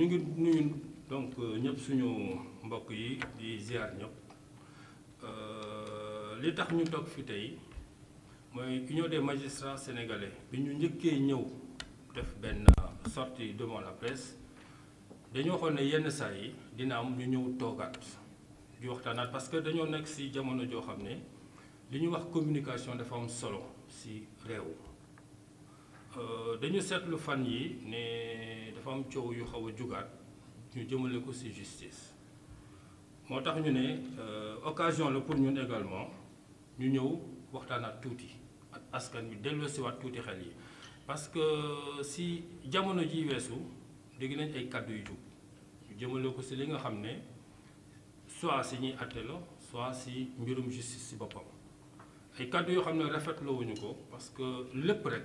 ñu ngi nuyu donc euh, ñëpp suñu mbokk yi di ziar ñëpp euh, li tax ñu toog fi tey mooy union des magistrats sénégalais bi ñu njëkkee ñëw def benn sortie devant la presse dañoo xool ne yenn saa yi dina am ñu ñëw toogaat di waxtaanaat parce que dañoo nekk si jamono joo xam ne li ñu wax communication dafa am solo si réew. Nous avons fan yi ne dafa am justice Nous ñu ne euh, occasion pour ñun également ñu ñëw ak askan parce que euh, si jamono ji weesu dégg nañ ay kàddu yu nous ñu jëmale ko ci li nga xam soit si la soit justice ay parce que le rek.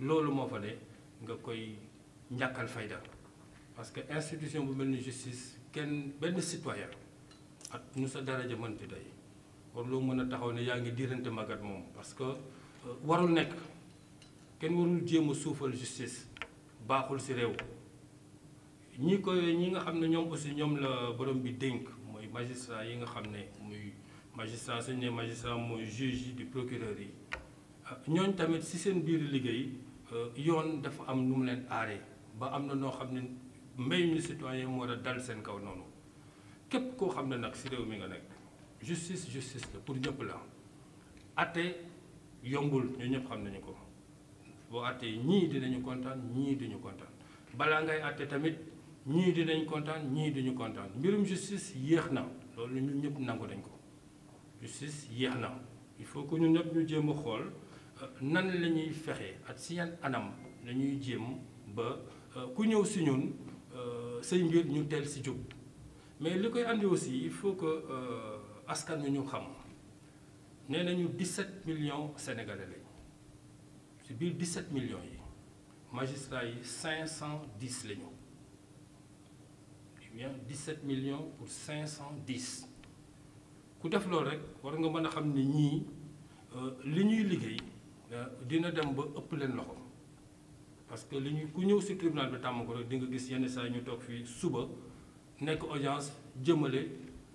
loolu moo fa ne nga koy parce que institution bu justice kenn citoyen ñu sa daraja a taxaw ne diirante parce que euh, warul warul suufal justice baaxul si ñi ñi nga aussi borom bi magistrat yi nga magistrat magistrat juge du procureur yi ah, tamit si biir il euh, dafa am nu mu leen ont ba am na ne citoyen a kaw noonu ne mi justice justice pour ñëpp la até yombul ñu ñëpp xam ko boo de ñii dinañu kontaan ñii duñu kontaan balaa ngay atte tamit ñii dinañ kontaan duñu justice il faut que nous ñëpp ñu euh, nan la ñuy faire ak si anam la jëm ba euh, ku ñew si ñun euh, sey mbir ñu teel ci jóg mais li koy andi aussi il faut que askan ñu xam né nañu 17 millions sénégalais lañ si bir 17 millions yi magistrats yi 510 la eh bien 17 millions pour 510 ku def lool rek war nga mëna xam ni ñii li ñuy liggéey dina dem ba ëpp leen loxo parce que li ñu ku ñëw si tribunal bi tàmm ko rek di nga gis yenn saa ñu toog fii suba nekk audience jëmale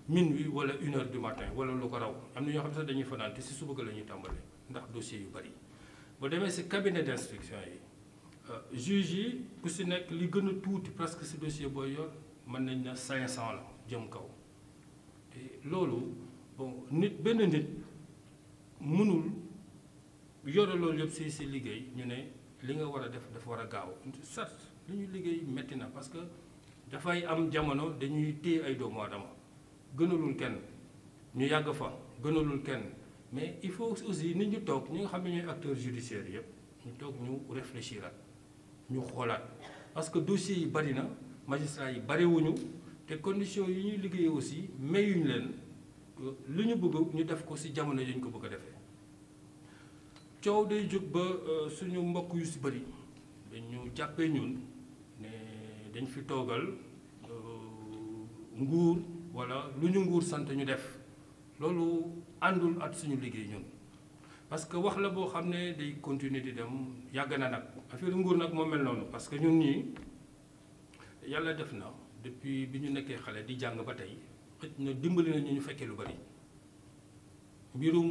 minuit wala une heure du matin wala lu ko raw am na ñoo xam ne sax dañuy fanaan te si suba ko la ñuy tàmbale ndax dossier yu bari bu demee si cabinet d'instruction yi euh, juge yi ku si nekk li gën a tuuti presque si dossier booy yor mën nañ na 500 la jëm kaw te loolu bon nit benn nit mënul yore loolu yëpp si si liggéey ñu ne li nga war a def dafa war a gaaw certes li ñu liggéey métti na parce que dafay am jamono dañuy téye ay doomu aadama gënalul kenn ñu yàgg fa gënalul kenn mais il faut aussi nit ñu toog ñi nga xam ne ñooy acteurs judiciaires yëpp ñu toog ñu réfléchir ak ñu xoolaat parce que dossiers yi bari na magistrats yi bari wuñu te conditions yi ñuy liggéey aussi mayuñ leen euh, lu ñu bëgg ñu def ko si jamono yi ñu ko bëgg a defee. ciow day jóg ba euh, suñu mbokk yu si bëri dañu jàppee ñun ne dañ fi toogal euh, nguur wala lu ñu nguur sant ñu def loolu andul at suñu liggéey ñun parce que wax la boo xam day continuer di dem yàgg na nag affaire nguur nak moo mel noonu parce que ñun ñii yàlla def na depuis bi ñu nekkee di jàng ba tey xëj na dimbali na ñu ñu lu bëri mbirum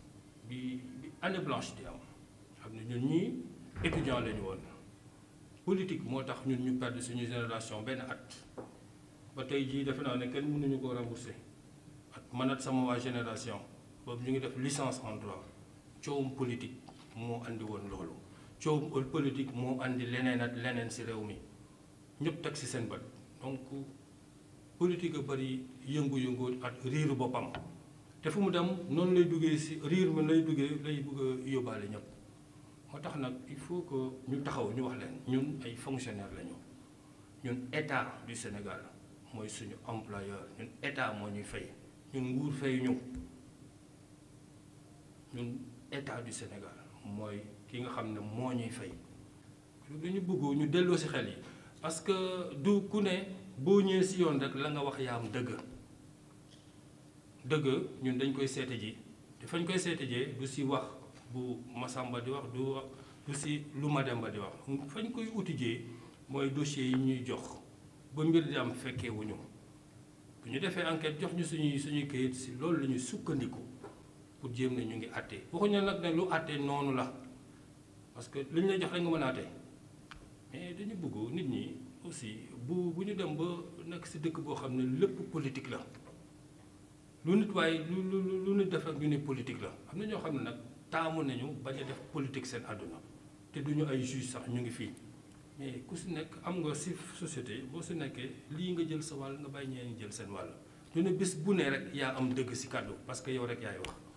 bi bi année blanche di am xam ne ñun ñii étudiant lañu woon politique moo tax ñun ñu perdre suñu génération benn at ba tey jii defe naa ne kenn nañu ko rembourser ak manat sama waa génération boobu ñu ngi def licence en droit coowum politique moo indi woon loolu coowum politique moo indi leneen at leneen si réew mi ñëpp teg si seen bët donc politique a bëri yëngu-yëngu ak riiru boppam te fu mu dem noonu lay duggee si riir mi lay duggee lay bëgg a yóbbaale ñëpp moo tax nag il faut que ñu taxaw ñu wax leen ñun ay fonctionnaire lañu ñun état du Sénégal mooy suñu employeur ñun état moo ñuy fay ñun nguur fay ñu ñun état du Sénégal mooy ki nga xam ne moo ñuy fay lu ñu bëgg ñu delloo si xel yi parce que du ku ne boo ñëwee si yoon rek la nga wax yaam dëgg dëgg ñun dañ koy seete ji te fañ koy seete jee du si wax bu Masamba di wax du wax du si lu Mademba di wax fañ koy uti jee mooy dossier yi ñuy jox ba mbir di am fekkee wuñu bu ñu defee enquête jox ñu suñuy suñuy kayit si loolu la ñuy sukkandiku pour jéem ne ñu ngi àttee waxuñu nag ne lu àttee noonu la parce que li ñu la jox rek nga mën a àttee mais dañu bëgg nit ñi aussi bu bu ñu dem ba nekk si dëkk boo xam ne lépp politique la. lu nit waaye lu lu lu nit def rek ñu ne politique la am na ñoo xam ne nag taamu nañu bañ a def politique seen àdduna te du ñu ay juge sax ñu ngi fii mais ku si nekk am nga si société boo si nekkee lii nga jël sa wàll nga bàyyi ñeen jël seen wàll ñu ne bés bu ne rek yaa am dëgg si kàddu parce que yow rek yaay wax